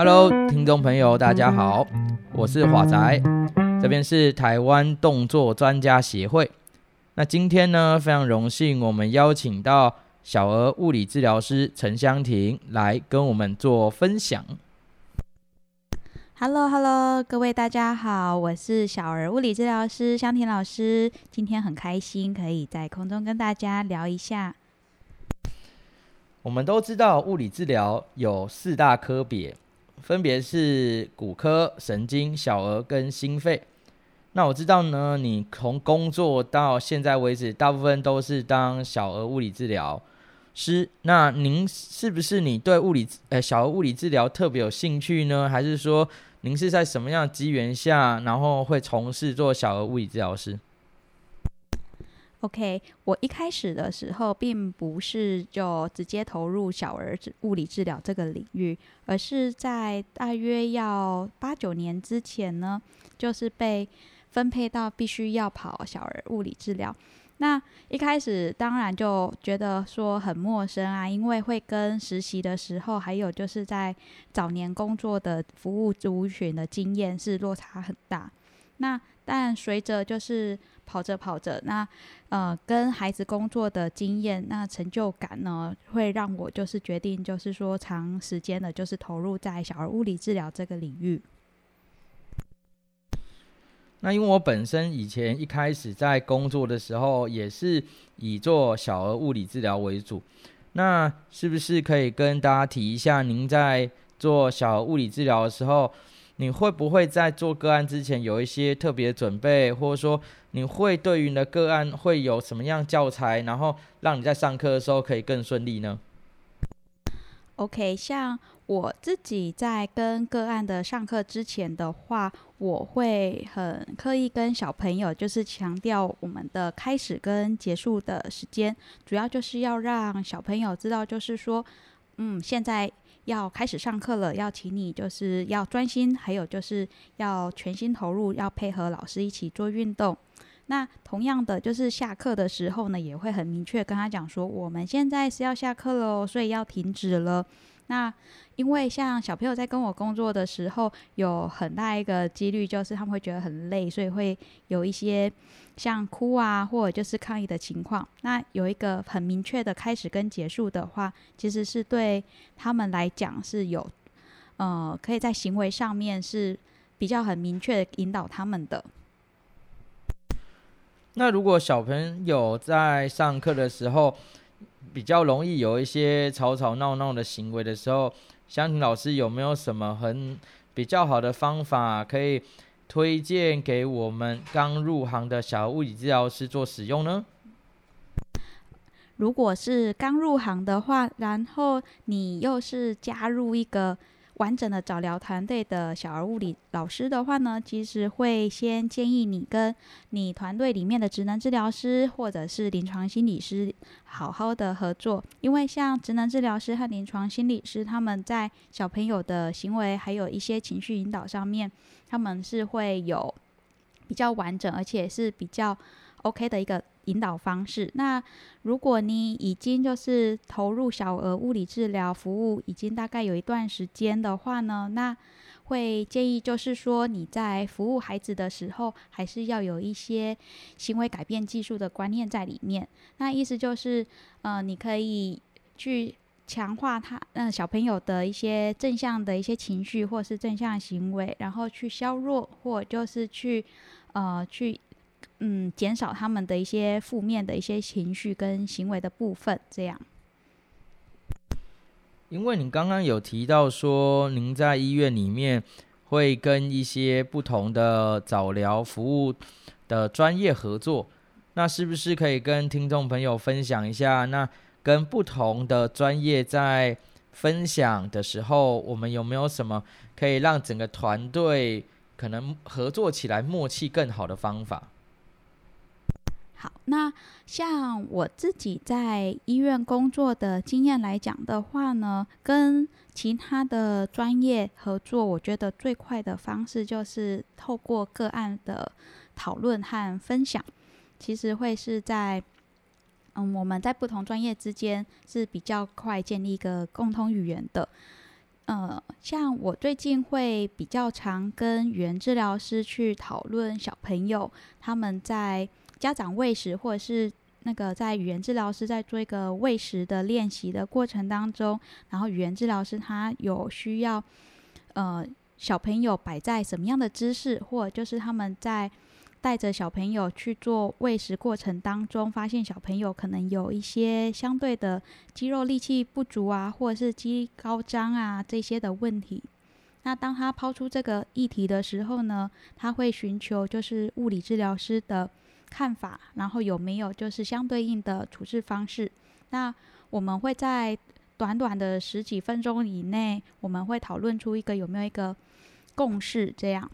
Hello，聽眾朋友，大家好，我是華仔，這邊是台灣動作專家協會。那今天呢，非常榮幸，我們邀請到小兒物理治療師陳湘婷來跟我們做分享。Hello，Hello，hello, 各位大家好，我是小兒物理治療師湘婷老師，今天很開心可以在空中跟大家聊一下。我們都知道，物理治療有四大科別。分別是骨科、神經、小兒跟心肺。那我知道呢，你從工作到現在為止，大部分都是當小兒物理治療師。那您是不是你對物理呃、欸、小兒物理治療特別有興趣呢？還是說您是在什麼樣的機緣下，然後會從事做小兒物理治療師？OK，我一開始的時候並不是就直接投入小兒物理治療這個領域，而是在大約要八九年之前呢，就是被分配到必須要跑小兒物理治療。那一開始當然就覺得說很陌生啊，因為會跟實習的時候，還有就是在早年工作的服務族群的經驗是落差很大。那但隨着就是跑着跑着，那呃跟孩子工作的經驗，那成就感呢，會讓我就是決定就是說長時間的，就是投入在小兒物理治療這個領域。那因為我本身以前一開始在工作的時候，也是以做小兒物理治療為主。那是不是可以跟大家提一下，您在做小兒物理治療的時候，你會不會在做個案之前有一些特別準備，或者說你會對於你的個案會有什麼樣教材，然後讓你在上課的時候可以更順利呢？OK，像我自己在跟個案的上課之前的話，我會很刻意跟小朋友，就是強調我們的開始跟結束的時間，主要就是要讓小朋友知道，就是說，嗯，現在。要開始上課了，要請你就是要專心，還有就是要全心投入，要配合老師一起做運動。那同樣的，就是下課的時候呢，也會很明確跟他講說，我們現在是要下課嘍，所以要停止了。那因為像小朋友在跟我工作的時候，有很大一個機率就是他們會覺得很累，所以會有一些。像哭啊，或者就是抗議的情況，那有一個很明確的開始跟結束的話，其實是對他們來講是有，呃，可以在行為上面是比較很明確的引導他們的。那如果小朋友在上課的時候比較容易有一些吵吵鬧鬧的行為的時候，湘婷老師有沒有什麼很比較好的方法可以？推薦給我們剛入行的小兒物理治療師做使用呢？如果是剛入行的話，然後你又是加入一個完整的早療團隊的小兒物理老師的話呢，其實會先建議你跟你團隊裡面的職能治療師或者是臨床心理師好好的合作，因為像職能治療師和臨床心理師他們在小朋友的行為還有一些情緒引導上面。他們是會有比較完整，而且是比較 OK 的一個引導方式。那如果你已經就是投入小兒物理治療服務，已經大概有一段時間的話呢，那會建議就是說你在服務孩子的時候，還是要有一些行為改變技術的觀念在裡面。那意思就是，呃，你可以去。強化他，嗯，小朋友的一些正向的一些情緒，或是正向行為，然後去削弱或就是去，呃，去，嗯，減少他們的一些負面的一些情緒跟行為的部分，這樣。因為你剛剛有提到說，您在醫院裡面會跟一些不同的早療服務的專業合作，那是不是可以跟聽眾朋友分享一下？那。跟不同的專業在分享的時候，我們有沒有什麼可以讓整個團隊可能合作起來默契更好的方法？好，那像我自己在醫院工作的經驗來講的話呢，跟其他的專業合作，我覺得最快的方式就是透過個案的討論和分享，其實會是在。嗯，我們在不同專業之間是比較快建立一個共通語言的。呃，像我最近會比較常跟語言治療師去討論小朋友他們在家長餵食，或者是那個在語言治療師在做一個餵食的練習的過程當中，然後語言治療師他有需要呃小朋友擺在什麼樣的姿勢，或者就是他們在。帶着小朋友去做餵食過程當中，發現小朋友可能有一些相對的肌肉力氣不足啊，或者是肌高張啊這些的問題。那當他拋出這個議題的時候呢，他會尋求就是物理治療師的看法，然後有沒有就是相對應的處置方式。那我們會在短短的十幾分鐘以內，我們會討論出一個有沒有一個共識這樣。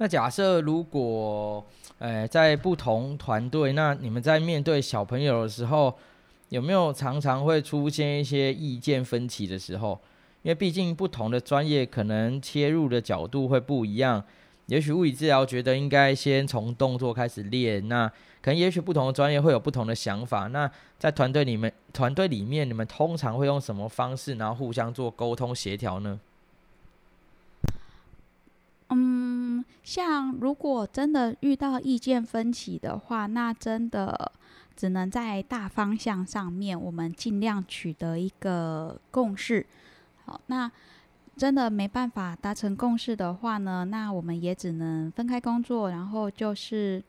那假設如果，呃、欸，在不同團隊，那你們在面對小朋友的時候，有沒有常常會出現一些意見分歧的時候？因為畢竟不同的專業可能切入的角度會不一樣，也許物理治療覺得應該先從動作開始練，那可能也許不同的專業會有不同的想法。那在團隊裡面，團隊裡面你們通常會用什麼方式，然後互相做溝通協調呢？嗯。像如果真的遇到意見分歧的話，那真的只能在大方向上面，我們盡量取得一個共識。好，那真的沒辦法達成共識的話呢，那我們也只能分開工作，然後就是，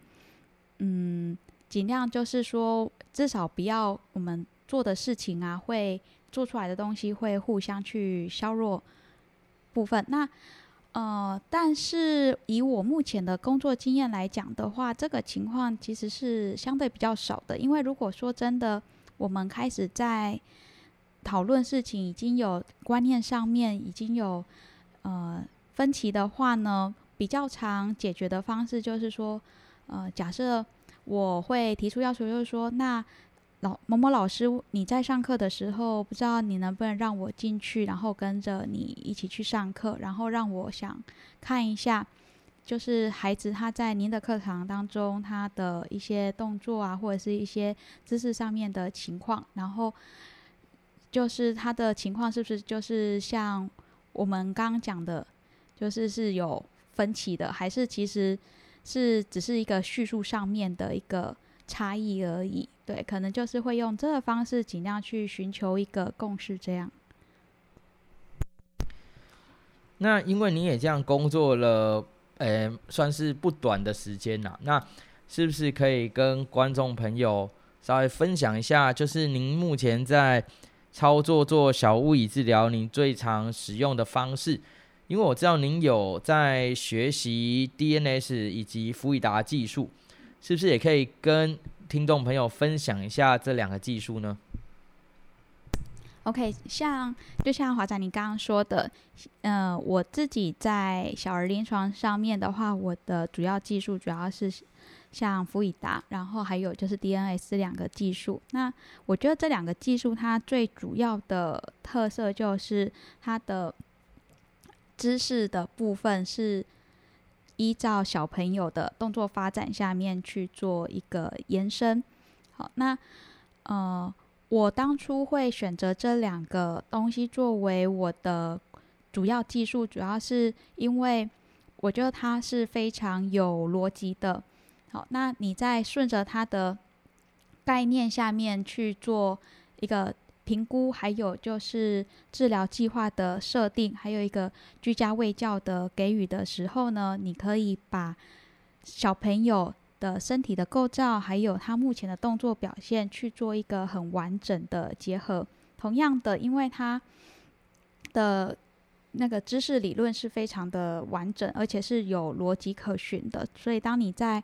嗯，盡量就是說，至少不要我們做的事情啊，會做出來的東西會互相去削弱部分。那。呃，但是以我目前的工作經驗來講的話，這個情況其實是相對比較少的。因為如果說真的，我們開始在討論事情，已經有觀念上面已經有呃分歧的話呢，比較常解決的方式就是說，呃，假設我會提出要求，就是說那。老某某老師，你在上課的時候，不知道你能不能讓我進去，然後跟着你一起去上課，然後讓我想看一下，就是孩子他在您的課堂當中，他的一些動作啊，或者是一些姿勢上面的情況，然後就是他的情況是不是就是像我們剛剛講的，就是是有分歧的，還是其實是只是一個敘述上面的一個。差異而已，對，可能就是會用這個方式盡量去尋求一個共識，這樣。那因為你也這樣工作了，呃，算是不短的時間了。那是不是可以跟觀眾朋友稍微分享一下，就是您目前在操作做小兒物理治療，您最常使用的方式？因為我知道您有在學習 DNS 以及福以達技術。是不是也可以跟聽眾朋友分享一下這兩個技術呢？OK，像就像華仔你剛剛說的，嗯、呃，我自己在小兒臨床上面的話，我的主要技術主要是像福以達，然後還有就是 DNS 這兩個技術。那我覺得這兩個技術它最主要的特色就是它的知識的部分是。依照小朋友的動作發展下面去做一個延伸，好，那呃，我當初會選擇這兩個東西作為我的主要技術，主要是因為我覺得它是非常有邏輯的。好，那你在順着它的概念下面去做一個。評估還有就是治療計劃的設定，還有一個居家衛教的給予的時候呢，你可以把小朋友的身體的構造，還有他目前的動作表現去做一個很完整的結合。同樣的，因為他的那個知識理論是非常的完整，而且是有邏輯可循的，所以當你在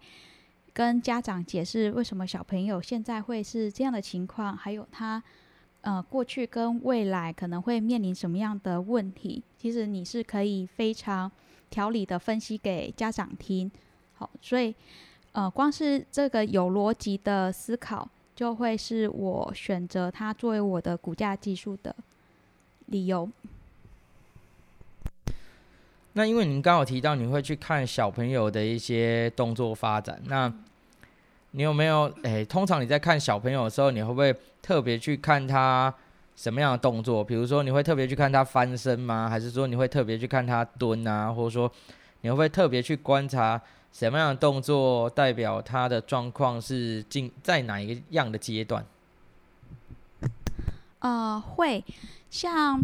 跟家長解釋為什麼小朋友現在會是這樣的情況，還有他。呃，過去跟未來可能會面臨什麼樣的問題？其實你是可以非常條理的分析給家長聽。好，所以呃，光是這個有邏輯的思考，就會是我選擇它作為我的骨架技術的理由。那因為您剛好提到你會去看小朋友的一些動作發展，那。你有沒有？誒、欸，通常你在看小朋友的時候，你會不會特別去看他什麼樣的動作？比如說，你會特別去看他翻身嗎？還是說你會特別去看他蹲啊？或者說你會不會特別去觀察什麼樣的動作代表他的狀況是進在哪一個樣的階段？呃，會，像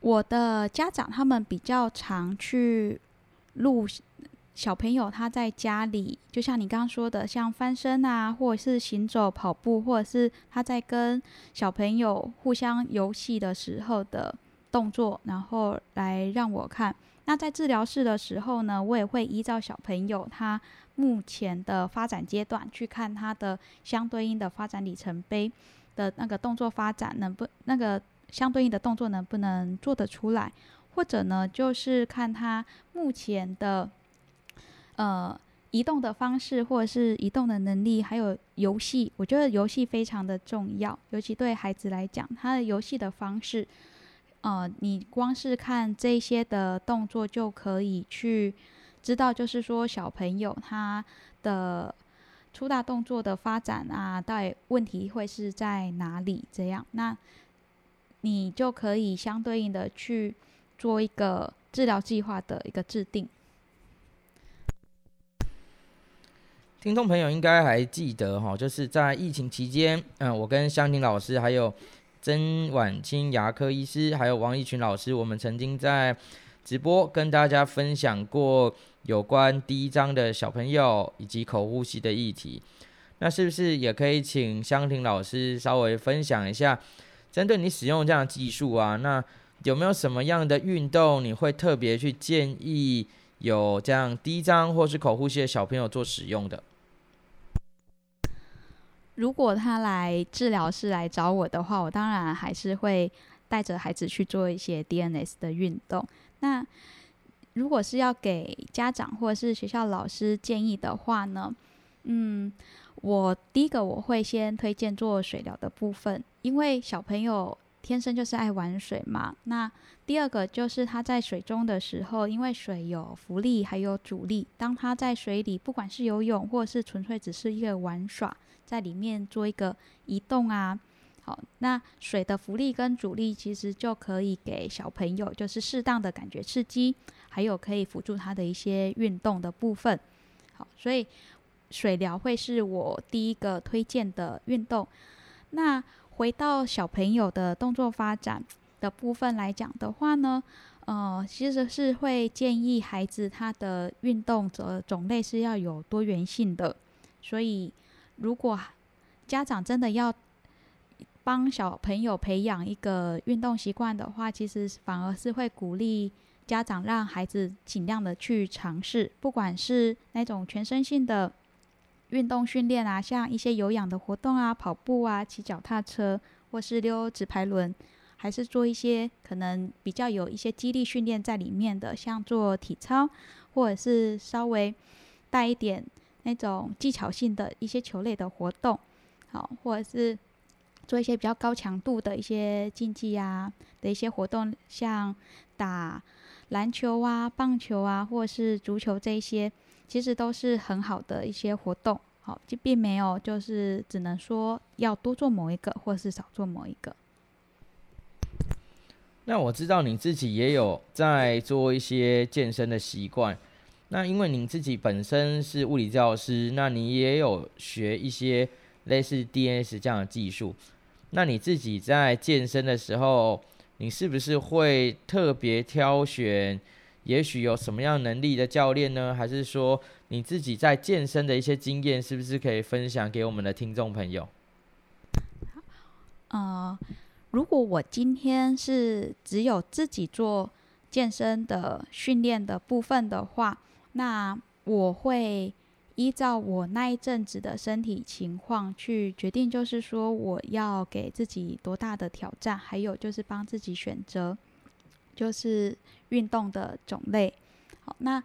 我的家長他們比較常去錄。小朋友他在家裡，就像你剛剛說的，像翻身啊，或者是行走、跑步，或者是他在跟小朋友互相遊戲的時候的動作，然後來讓我看。那在治療室的時候呢，我也會依照小朋友他目前的發展階段去看他的相對應的發展里程碑的那個動作發展，能不那個相對應的動作能不能做得出來？或者呢，就是看他目前的。呃，移動的方式或者是移動的能力，還有遊戲，我覺得遊戲非常的重要，尤其對孩子來講，他的遊戲的方式，呃，你光是看這些的動作就可以去知道，就是說小朋友他的粗大動作的發展啊，到底問題會是在哪裡？這樣，那你就可以相對應的去做一個治療計劃的一個制定。聽眾朋友應該還記得哈、哦，就是在疫情期間，嗯、呃，我跟湘婷老師，還有曾婉清牙科醫師，還有王一群老師，我們曾經在直播跟大家分享過有關低張的小朋友以及口呼吸的議題。那是不是也可以請湘婷老師稍微分享一下，針對你使用這樣的技術啊，那有沒有什麼樣的運動你會特別去建議有這樣低張或是口呼吸的小朋友做使用的？如果他來治療室來找我的話，我當然還是會帶着孩子去做一些 DNS 的運動。那如果是要給家長或者是學校老師建議的話呢？嗯，我第一個我會先推薦做水療的部分，因為小朋友，天生就是愛玩水嘛。那第二個就是他在水中的時候，因為水有浮力還有阻力。當他在水裡，不管是游泳或是純粹只是一個玩耍，在裡面做一個移動啊，好，那水的浮力跟阻力其實就可以給小朋友就是適當的感覺刺激，還有可以輔助他的一些運動的部分。好，所以水療會是我第一個推薦的運動。那回到小朋友的動作發展的部分來講的話呢，呃，其實是會建議孩子他的運動的種類是要有多元性的。所以，如果家長真的要幫小朋友培養一個運動習慣的話，其實反而是會鼓勵家長讓孩子盡量的去嘗試，不管是那種全身性的。運動訓練啊，像一些有氧的活動啊，跑步啊，騎腳踏車，或是溜直排輪，還是做一些可能比較有一些肌力訓練在裡面的，像做體操，或者是稍微帶一點那種技巧性的一些球類的活動，好，或者是做一些比較高強度的一些競技啊的一些活動，像打籃球啊、棒球啊，或是足球這一些。其實都是很好的一些活動，好，喔，就並沒有，就是只能說要多做某一個，或是少做某一個。那我知道你自己也有在做一些健身的習慣，那因為你自己本身是物理治療師，那你也有學一些類似 DNS 這樣的技術，那你自己在健身的時候，你是不是會特別挑選？也許有什麼樣能力的教練呢？還是說你自己在健身的一些經驗，是不是可以分享給我們的聽眾朋友？嗯、呃，如果我今天是只有自己做健身的訓練的部分的話，那我會依照我那一陣子的身體情況去決定，就是說我要給自己多大的挑戰，還有就是幫自己選擇。就是運動的種類，好那，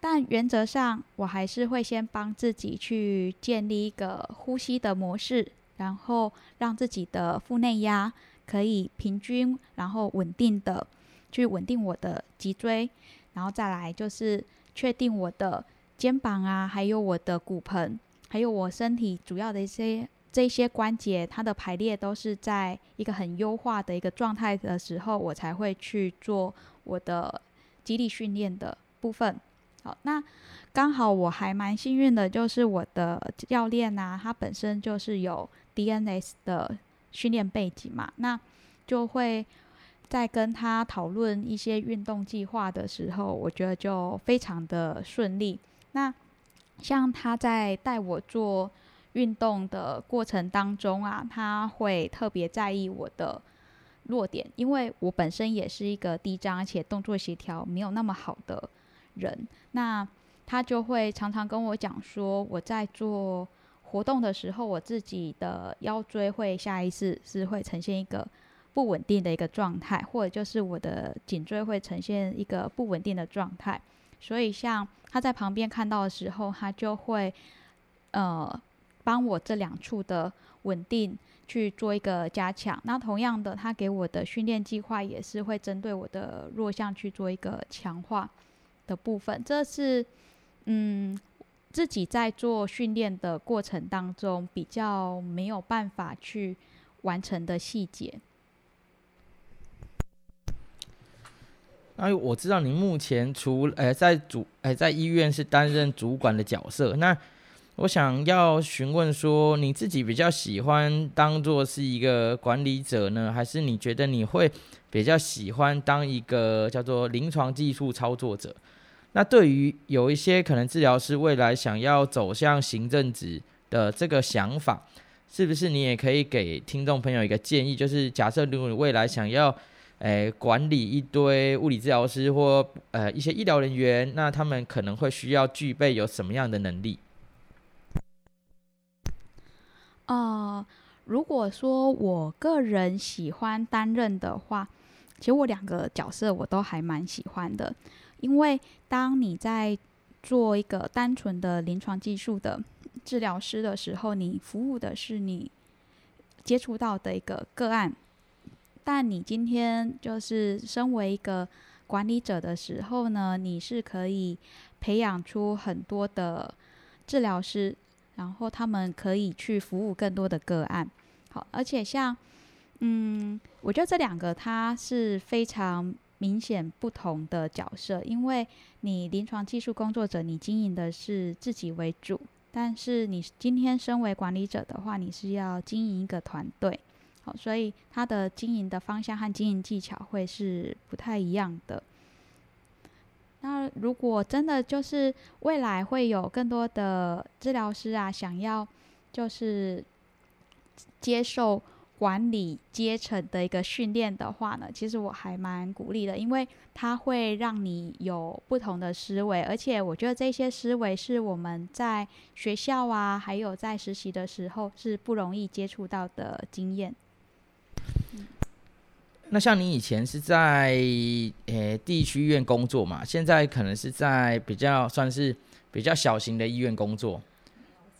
但原則上我還是會先幫自己去建立一個呼吸的模式，然後讓自己的腹內壓可以平均，然後穩定的去穩定我的脊椎，然後再來就是確定我的肩膀啊，還有我的骨盆，還有我身體主要的一些。這些關節它的排列都是在一個很優化的一個狀態的時候，我才會去做我的肌力訓練的部分。好，那剛好我還蠻幸運的，就是我的教練呐、啊，他本身就是有 DNS 的訓練背景嘛，那就會在跟他討論一些運動計劃的時候，我覺得就非常的順利。那像他在帶我做。運動的過程當中啊，他會特別在意我的弱點，因為我本身也是一個低張，而且動作協調沒有那麼好的人。那他就會常常跟我講說，我在做活動的時候，我自己的腰椎會下意識是會呈現一個不穩定的一個狀態，或者就是我的頸椎會呈現一個不穩定的狀態。所以，像他在旁邊看到的時候，他就會呃。幫我這兩處的穩定去做一個加強。那同樣的，他給我的訓練計劃也是會針對我的弱項去做一個強化的部分。這是嗯，自己在做訓練的過程當中比較沒有辦法去完成的細節。哎、啊，我知道您目前除哎、呃、在主、呃、在醫院是擔任主管的角色，那，我想要詢問說，你自己比較喜歡當做是一個管理者，呢，還是你覺得你會比較喜歡當一個叫做臨床技術操作者？那對於有一些可能治療師未來想要走向行政職的這個想法，是不是你也可以給聽眾朋友一個建議？就是假設如果你未來想要誒、欸、管理一堆物理治療師或呃一些醫療人員，那他們可能會需要具備有什麼樣的能力？呃，如果說我個人喜歡擔任的話，其實我兩個角色我都還蠻喜歡的。因為當你在做一個單純的臨床技術的治療師的時候，你服務的是你接觸到的一個個案；但你今天就是身為一個管理者的時候呢，你是可以培養出很多的治療師。然後他們可以去服務更多的個案，好，而且像，嗯，我覺得這兩個它是非常明顯不同的角色，因為你臨床技術工作者，你經營的是自己為主，但是你今天身為管理者的話，你是要經營一個團隊，好，所以它的經營的方向和經營技巧會是不太一樣的。那如果真的就是未來會有更多的治療師啊，想要就是接受管理階層的一個訓練的話呢，其實我還蠻鼓勵的，因為它會讓你有不同的思維，而且我覺得這些思維是我們在學校啊，還有在實習的時候是不容易接觸到的經驗。那像你以前是在誒、欸、地區醫院工作嘛，現在可能是在比較算是比較小型的醫院工作。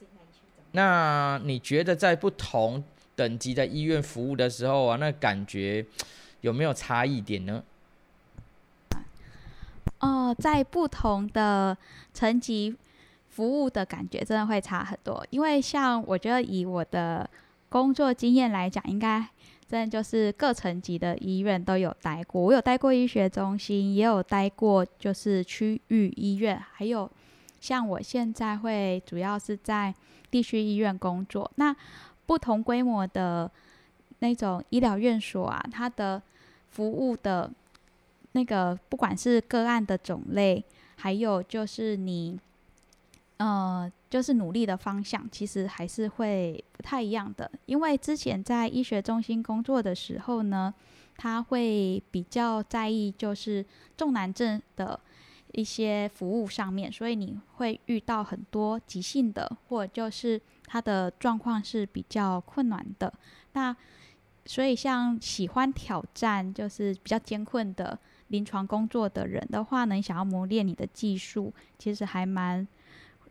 那你覺得在不同等級的醫院服務的時候啊,那感覺有沒有差異點呢？哦、嗯呃，在不同的層級服務的感覺真的會差很多，因為像我覺得以我的工作經驗來講，應該。真的就是各層級的醫院都有待過，我有待過醫學中心，也有待過就是區域醫院，還有像我現在會主要是在地區醫院工作。那不同規模的那種醫療院所啊，它的服務的那個，不管是個案的種類，還有就是你。呃，就是努力的方向其實還是會不太一樣的。因為之前在醫學中心工作的時候呢，他會比較在意就是重難症的一些服務上面，所以你會遇到很多急性的，或者就是他的狀況是比較困難的。那所以像喜歡挑戰，就是比較艱困的臨床工作的人的話呢，你想要磨練你的技術，其實還蠻。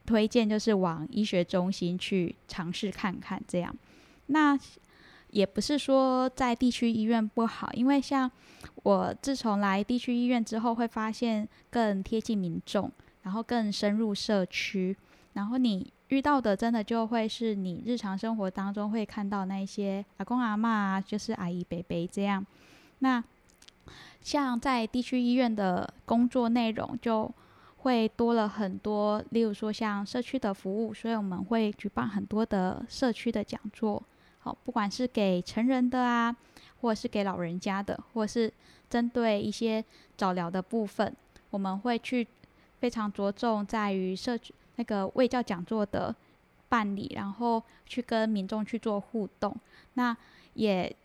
推薦就是往醫學中心去嘗試看看這樣，那也不是說在地區醫院不好，因為像我自從來地區醫院之後，會發現更貼近民眾，然後更深入社區，然後你遇到的真的就會是你日常生活當中會看到那些阿公阿嬤啊，就是阿姨伯伯這樣。那像在地區醫院的工作內容就。會多了很多，例如說像社區的服務，所以我們會舉辦很多的社區的講座，好，不管是給成人的啊，或者是給老人家的，或者是針對一些早療的部分，我們會去非常着重在於社區那個衛教講座的辦理，然後去跟民眾去做互動，那也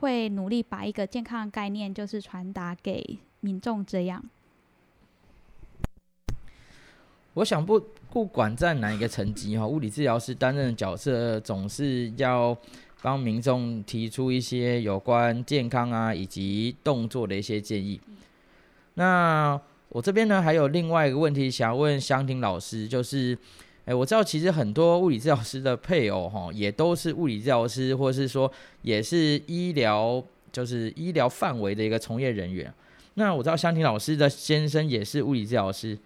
會努力把一個健康概念就是傳達給民眾這樣。我想不不管在哪一個層級哈，物理治療師擔任的角色總是要幫民眾提出一些有關健康啊，以及動作的一些建議。那我這邊呢，還有另外一個問題想問湘婷老師，就是，誒，我知道其實很多物理治療師的配偶哈，也都是物理治療師，或是說也是醫療，就是醫療範圍的一個從業人員。那我知道湘婷老師的先生也是物理治療師。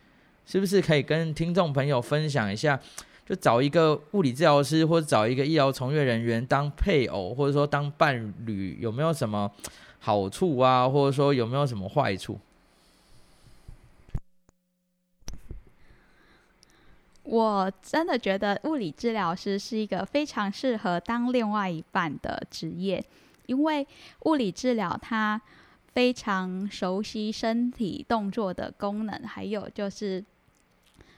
是不是可以跟聽眾朋友分享一下？就找一個物理治療師，或者找一個醫療從業人員當配偶，或者說當伴侶，有沒有什麼好處啊？或者說有沒有什麼壞處？我真的覺得物理治療師是一個非常適合當另外一半的職業，因為物理治療他非常熟悉身體動作的功能，還有就是。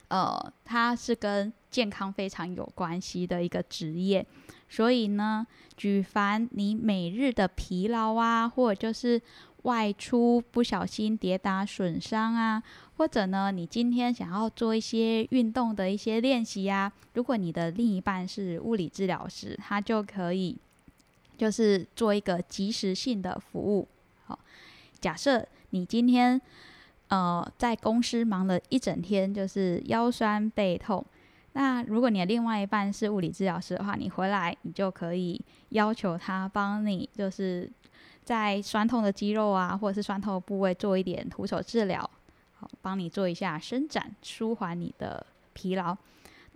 呃，它是跟健康非常有關係的一個職業，所以呢，舉凡你每日的疲勞啊，或者就是外出不小心跌打損傷啊，或者呢，你今天想要做一些運動的一些練習啊，如果你的另一半是物理治療師，他就可以就是做一個即時性的服務。好，假設你今天。呃，在公司忙了一整天，就是腰痠背痛。那如果你的另外一半是物理治療師的話，你回來你就可以要求他幫你，就是在痠痛的肌肉啊，或者是痠痛的部位做一點徒手治療，好幫你做一下伸展，舒緩你的疲勞。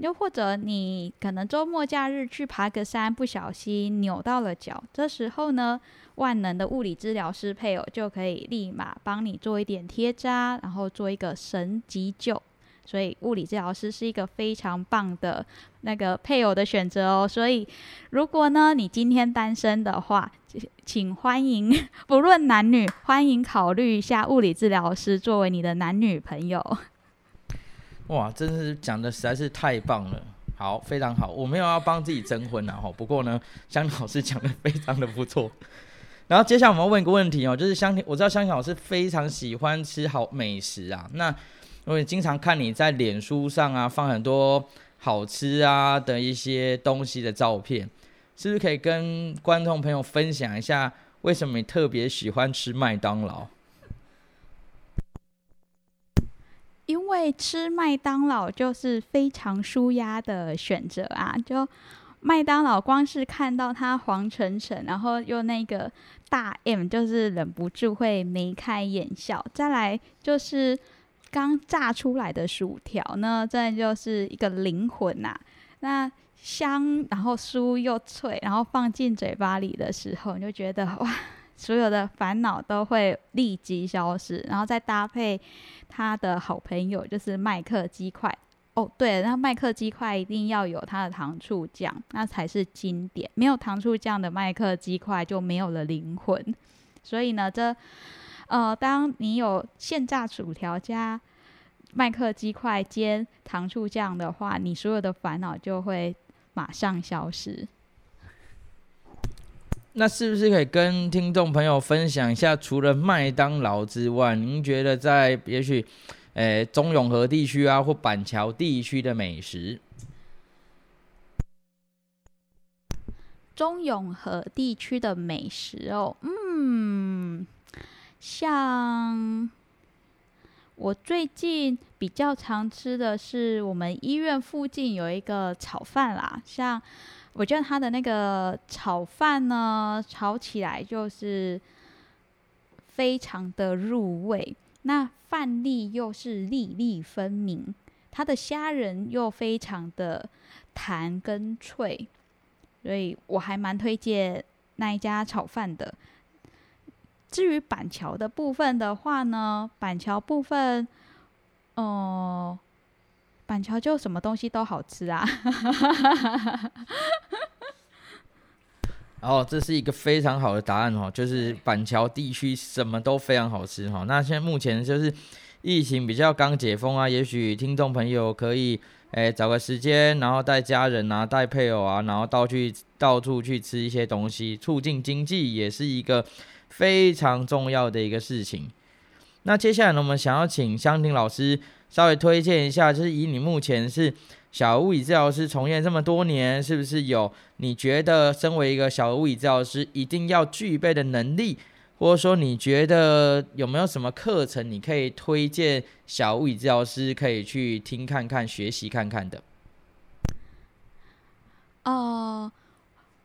又或者你可能週末假日去爬個山，不小心扭到了腳，這時候呢，萬能的物理治療師配偶就可以立馬幫你做一點貼紮，然後做一個神急救。所以物理治療師是一個非常棒的那個配偶的選擇哦。所以如果呢你今天單身的話，請歡迎不論男女，歡迎考慮一下物理治療師作為你的男女朋友。哇，真是講的實在是太棒了！好，非常好，我沒有要幫自己徵婚啊哈。不過呢，湘婷老師講的非常的不錯。然後接下來我們要問一個問題哦，就是湘婷，我知道湘婷老師非常喜歡吃好美食啊。那因為經常看你在臉書上啊放很多好吃啊的一些東西的照片，是不是可以跟觀眾朋友分享一下，為什麼你特別喜歡吃麥當勞？因為吃麥當勞就是非常舒壓的選擇啊！就麥當勞，光是看到它黃澄澄，然後又那個大 M，就是忍不住會眉開眼笑。再來就是剛炸出來的薯條呢，真的就是一個靈魂吶、啊！那香，然後酥又脆，然後放進嘴巴裡的時候，你就覺得哇，所有的煩惱都會立即消失。然後再搭配。他的好朋友就是麥克雞塊哦，oh, 對，那麥克雞塊一定要有它的糖醋醬，那才是經典。沒有糖醋醬的麥克雞塊就沒有了靈魂。所以呢，這呃，當你有現炸薯條加麥克雞塊、煎糖醋醬的話，你所有的煩惱就會馬上消失。那是不是可以跟聽眾朋友分享一下，除了麥當勞之外，您覺得在也許，誒、欸，中永和地區啊，或板橋地區的美食？中永和地區的美食哦，嗯，像我最近比較常吃的是我們醫院附近有一個炒飯啦，像。我覺得他的那個炒飯呢，炒起來就是非常的入味，那飯粒又是粒粒分明，它的蝦仁又非常的彈跟脆，所以我還蠻推薦那一家炒飯的。至於板橋的部分的話呢，板橋部分，哦、呃。板橋就什麼東西都好吃啊！然 後、哦、這是一個非常好的答案哦，就是板橋地區什麼都非常好吃哈。那現在目前就是疫情比較剛解封啊，也許聽眾朋友可以誒、欸、找個時間，然後帶家人啊，帶配偶啊，然後到去到處去吃一些東西，促進經濟也是一個非常重要的一個事情。那接下來呢，我們想要請湘婷老師。稍微推薦一下，就是以你目前是小物理治療師從業這麼多年，是不是有你覺得身為一個小物理治療師一定要具備的能力，或者說你覺得有沒有什麼課程你可以推薦小物理治療師可以去聽看看、學習看看的？呃，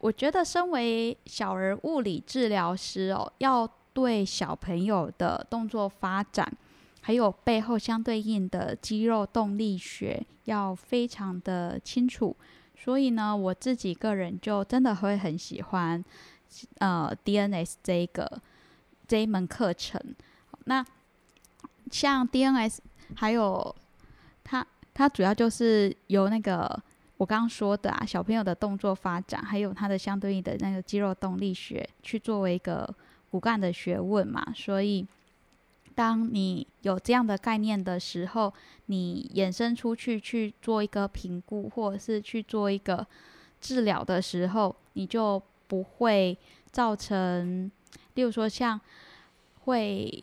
我覺得身為小兒物理治療師哦，要對小朋友的動作發展。還有背後相對應的肌肉動力學要非常的清楚，所以呢，我自己個人就真的會很喜歡，呃，DNS 這一個這一門課程。那像 DNS，還有它它主要就是由那個我剛剛說的啊，小朋友的動作發展，還有它的相對應的那個肌肉動力學去作為一個骨幹的學問嘛，所以。當你有這樣的概念的時候，你衍生出去去做一個評估，或者是去做一個治療的時候，你就不會造成，例如說像會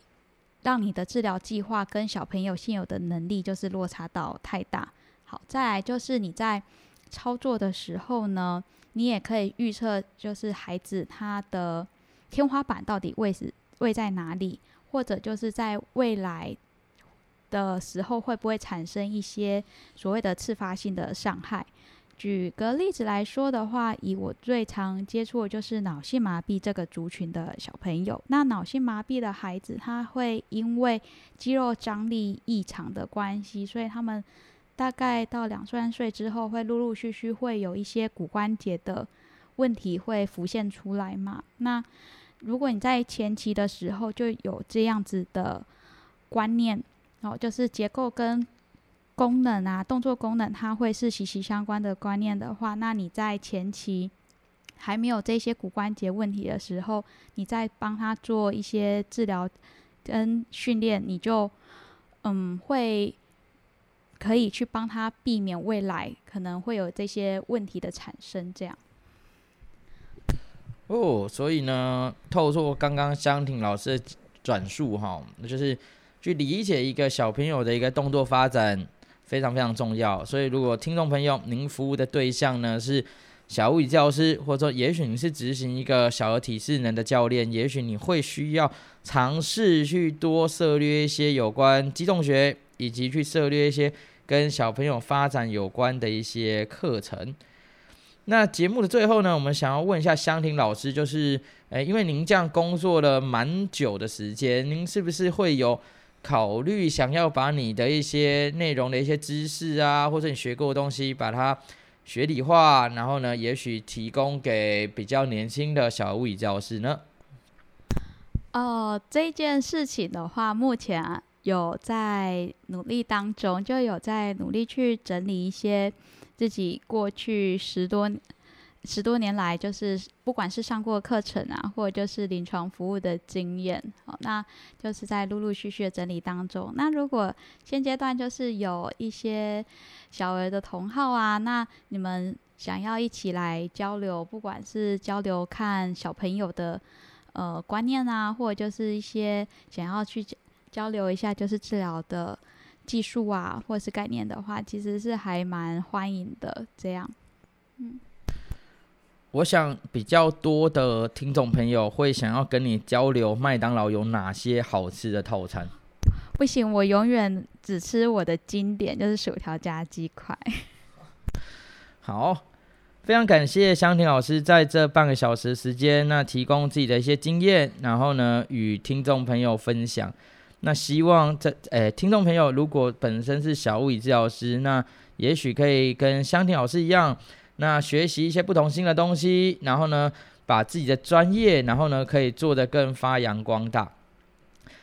讓你的治療計劃跟小朋友現有的能力就是落差到太大。好，再來就是你在操作的時候呢，你也可以預測，就是孩子他的天花板到底位置位在哪裡。或者就是在未來的時候，會不會產生一些所謂的次發性的傷害？舉個例子來說的話，以我最常接觸的就是腦性麻痹這個族群的小朋友。那腦性麻痹的孩子，他會因為肌肉張力異常的關係，所以他們大概到兩三歲之後，會陸陸續續會有一些骨關節的問題會浮現出來嘛，那如果你在前期的時候就有這樣子的觀念，哦，就是結構跟功能啊，動作功能，它會是息息相關的觀念的話，那你在前期還沒有這些骨關節問題的時候，你再幫他做一些治療跟訓練，你就嗯會可以去幫他避免未來可能會有這些問題的產生，這樣。哦，所以呢，透過剛剛湘婷老師的轉述，哈，那就是去理解一個小朋友的一個動作發展非常非常重要。所以，如果聽眾朋友您服務的對象呢是小物理教師，或者說也許你是執行一個小兒體適能的教練，也許你會需要嘗試去多涉獵一些有關肌動學，以及去涉獵一些跟小朋友發展有關的一些課程。那節目的最後呢，我們想要問一下湘婷老師，就是，誒、欸，因為您這樣工作了蠻久的時間，您是不是會有考慮想要把你的一些內容的一些知識啊，或者你學過的東西，把它學理化，然後呢，也許提供給比較年輕的小物理教師呢？哦、呃，這件事情的話，目前、啊、有在努力當中，就有在努力去整理一些。自己過去十多、十多年來，就是不管是上過課程啊，或者就是臨床服務的經驗，哦,那就是在陸陸續續的整理當中。那如果現階段就是有一些小兒的同好啊，那你們想要一起來交流，不管是交流看小朋友的呃觀念啊，或者就是一些想要去交流一下就是治療的。技術啊，或者是概念的話，其實是還蠻歡迎的。這樣，嗯，我想比較多的聽眾朋友會想要跟你交流麥當勞有哪些好吃的套餐。不行，我永遠只吃我的經典，就是薯條加雞塊。 好，非常感謝湘婷老師在這半個小時時間，那提供自己的一些經驗，然後呢與聽眾朋友分享。那希望這誒，聽眾朋友如果本身是小物理治療師，那也許可以跟湘婷老師一樣，那學習一些不同新的東西，然後呢，把自己的專業，然後呢，可以做得更發揚光大。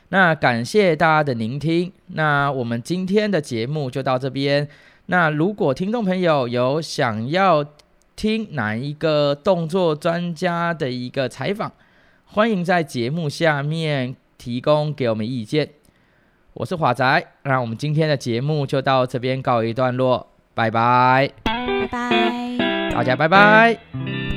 那感謝大家的聆聽，那我們今天的節目就到這邊。那如果聽眾朋友有想要聽哪一個動作專家的一個採訪，歡迎在節目下面。提供給我們意見，我是華仔，那我們今天的節目就到這邊告一段落，拜拜，拜拜，大家拜拜。嗯